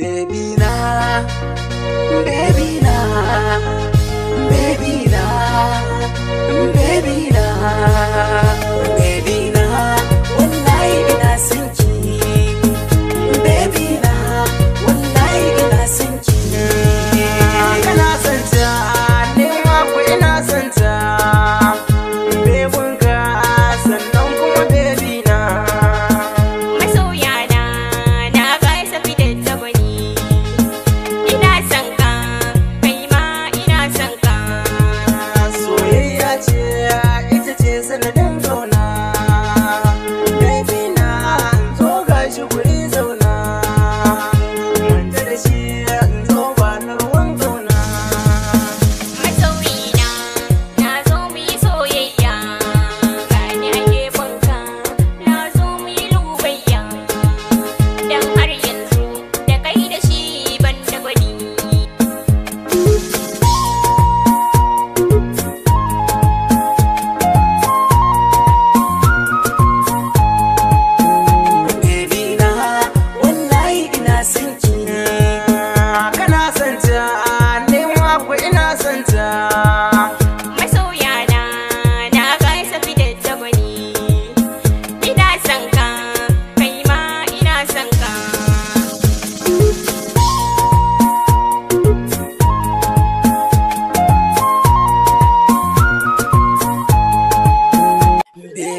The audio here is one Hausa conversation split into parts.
Baby, nada. ce ita ce sanadin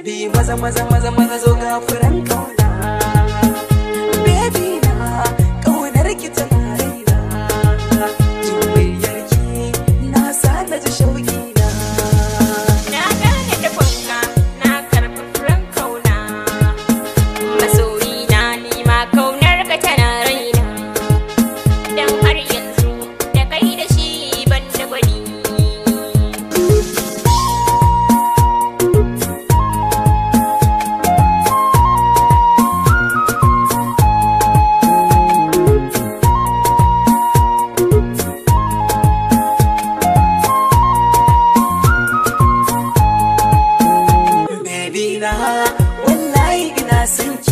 baby maza maza maza maza zo ga furanka dina wallahi ina son ki